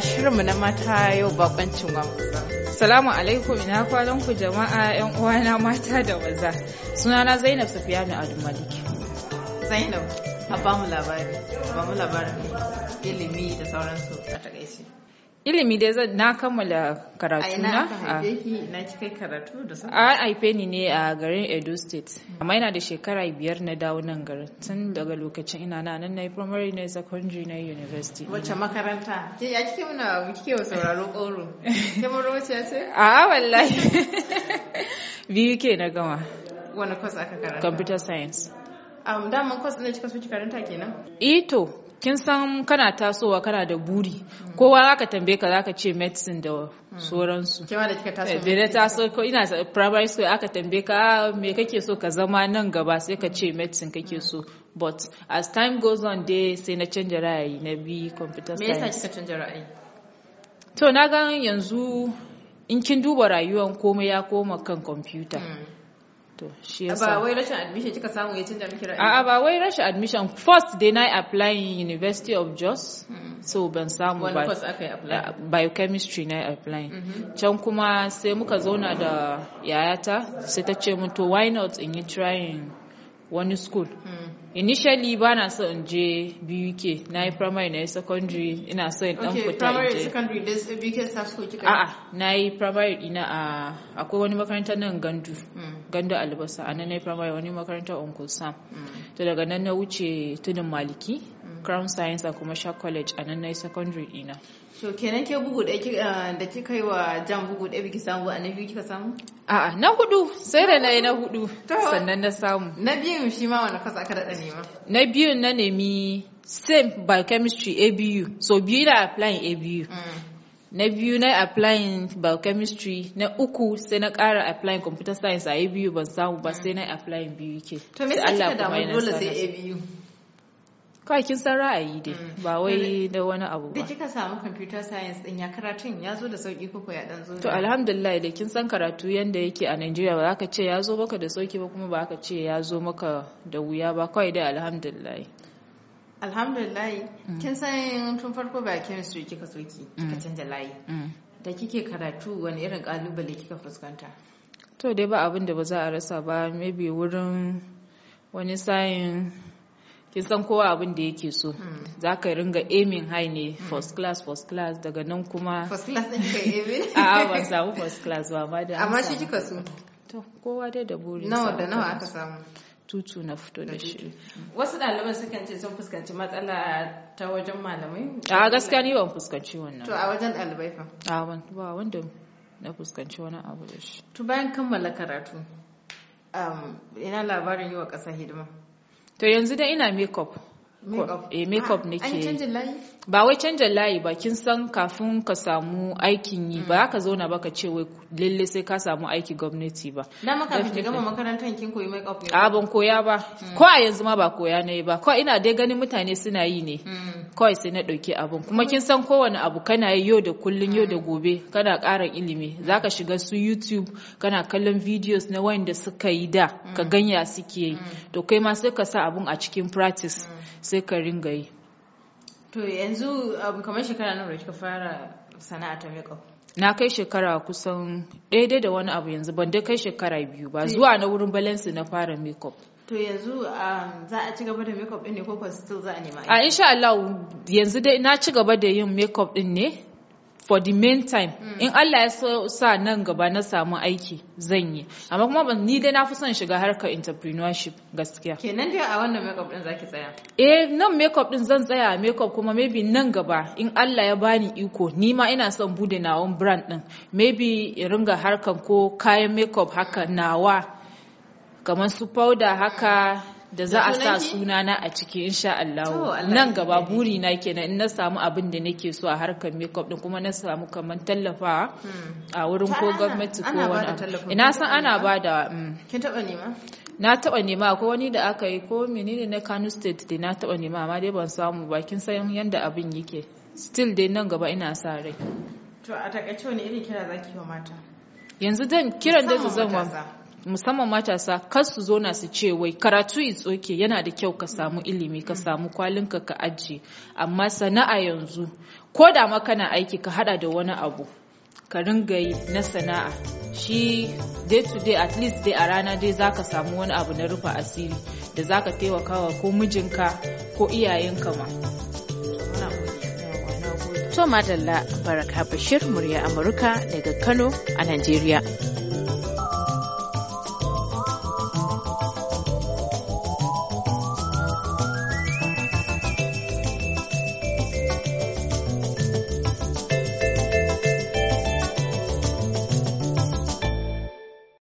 shirin shirinmu na mata yau bakwancin wa. Salamu alaikum ina kwanan ku jama'a yan uwana mata da maza. Sunana Zainab Safiyanu Adu Malik. Zainab, a bamu labari, bamu labarin ilimi da sauransu a takaice. ilimi dai na kammala karatu na A na kai karatu da a haife ni ne a garin Edo State amma yana da shekara biyar na dawo nan garin tun daga lokacin ina na nan na primary na secondary na university wacce makaranta ke ya kike muna kike wa sauraro koro ke mun roce ce a wallahi biyu ke na gama wani course aka karanta computer science um daman course ne kika so ki karanta kenan ito e kin san kana tasowa kana da buri kowa zaka tambaye ka zaka ce medicine da sauransu da kika taso eh, ko ina primary school aka tambaye ka ah, me kake so ka zama nan gaba sai ka ce medicine kake so but as time goes on dai sai na canja ra'ayi na bi computer science me yasa kika canja ra'ayi to na ga yanzu in kin duba rayuwar komai ya koma kan computer hmm. to shi yasa ba wai rashin admission kika samu ya da miki ra'ayi a'a ba wai rashin admission first day na applying university of jos hmm. so ban samu ba uh, biochemistry na applying mm-hmm. can kuma sai muka zauna da yayata sai ta ce mun to why not in yi trying wani school hmm. initially ba na so in je BUK na yi primary na yi secondary ina so in dan fita in je primary secondary BUK staff school kika a'a na yi primary ina a akwai wani makarantar nan gandu hmm. ganda albasa a nan na primary wani makarantar uncle sam mm. to daga nan na wuce tudun maliki mm. crown science a commercial college a nan na secondary dina to kenan ke bugu eh, da kika yi wa jan bugu da biki samu a na biyu kika samu a'a na hudu sai da na yi na hudu sannan na samu na biyun shi ma wani kasa aka daɗa nema na biyun na nemi same biochemistry abu so biyu na applying abu mm. na biyu na applying biochemistry na uku sai na ƙara applying computer science a abu ban samu ba sai na applying biyu ke to me sai da damu dole sai abu kawai kin san ra'ayi dai mm. ba wai da wani abu ba da kika samu computer science din ya karatun ya zo da sauki ko ya dan zo to alhamdulillah da kin san karatu yanda yake a Najeriya ba za ka ce ya zo maka da sauki ba kuma ba ka ce ya zo maka da wuya ba kawai dai alhamdulillah alhamdulillahi mm. kin san tun farko bakin su kika so ki kika mm. canja layi mm. da kike karatu wani irin kalubale kika fuskanta to dai ba abin da ba za a rasa ba maybe wurin wani sayin kin san kowa abin da yake so za ka ringa aiming high ne first class first class daga nan kuma first class ɗin ka yi a a'a ban samu first class ba amma da amma shi kika so to kowa dai da burin nawa da nawa aka samu tutu na fito da shi wasu ɗaliban sukan ce sun fuskanci matsala ta wajen malamai a gaskiya ni ban fuskanci wannan to a wajen ɗalibai fa a ba wanda na fuskanci wani abu da shi to bayan kammala karatu um, ina labarin yi wa ƙasa hidima to yanzu da ina makeup makeup eh, ah, nake ba wai canjin layi ba kin san kafin ka samu aikin yi ba mm. ka zauna ba ka ce wai lalle sai ka samu aiki gwamnati ba Na maka ki gama makarantar kin koyi makeup ne a ah, ban koya ba mm. ko a yanzu ma ba koya nayi ba ko ina dai ganin mutane suna yi ne mm. kawai sai na ɗauki abin kuma kin san kowane abu kana yi yau da kullun yau da gobe kana ƙara ilimi za ka shiga su youtube kana kallon videos na wanda suka yi da ka ganya suke yi to kai ma sai ka sa abun a cikin practice sai ka ringa yi to yanzu kamar shekara nawa kika fara sana'a ta makeup na kai shekara kusan daidai da wani abu yanzu ban dai kai shekara biyu ba zuwa na wurin balansi na fara makeup to yanzu um, za a ci gaba da makeup din ne ko still za a nema a ah, insha Allah yanzu dai na ci gaba da yin makeup din ne for the main time hmm. in Allah ya sa nan gaba na samu aiki zan yi amma kuma ban ni dai na fi son shiga harkar entrepreneurship gaskiya kenan dai a wannan makeup din zaki tsaya eh nan makeup din zan tsaya makeup kuma maybe nan gaba in Allah ya bani iko ni ma ina son bude nawon brand din maybe in ringa harkan ko kayan makeup haka nawa kamar su fauda haka da za a sa sunana a ciki insha Allah nan gaba buri na kenan in na samu abin da nake so a harkar makeup din kuma na samu kamar tallafa hmm. a wurin ko gwamnati ko wani ina san ana bada mm. kin taba nema na taba nema akwai wani da aka yi ko menene na Kano state da na taba nema amma dai ban samu ba kin san yanda abin yake still dai nan gaba ina sa rai to a takaice wani irin kira zaki wa mata yanzu dan kiran da zan wa musamman matasa kar su zo na su ce wai karatu is okay yana da kyau ka samu ilimi ka samu kwalinka ka ajiye amma sana'a yanzu ko da ma kana aiki ka hada da wani abu ka ringa yi na sana'a shi day to day at least day a rana dai za ka samu wani abu na rufe asiri da zaka taimakawa ko mijinka ko iyayenka ma to madalla baraka bashir murya amurka daga kano a najeriya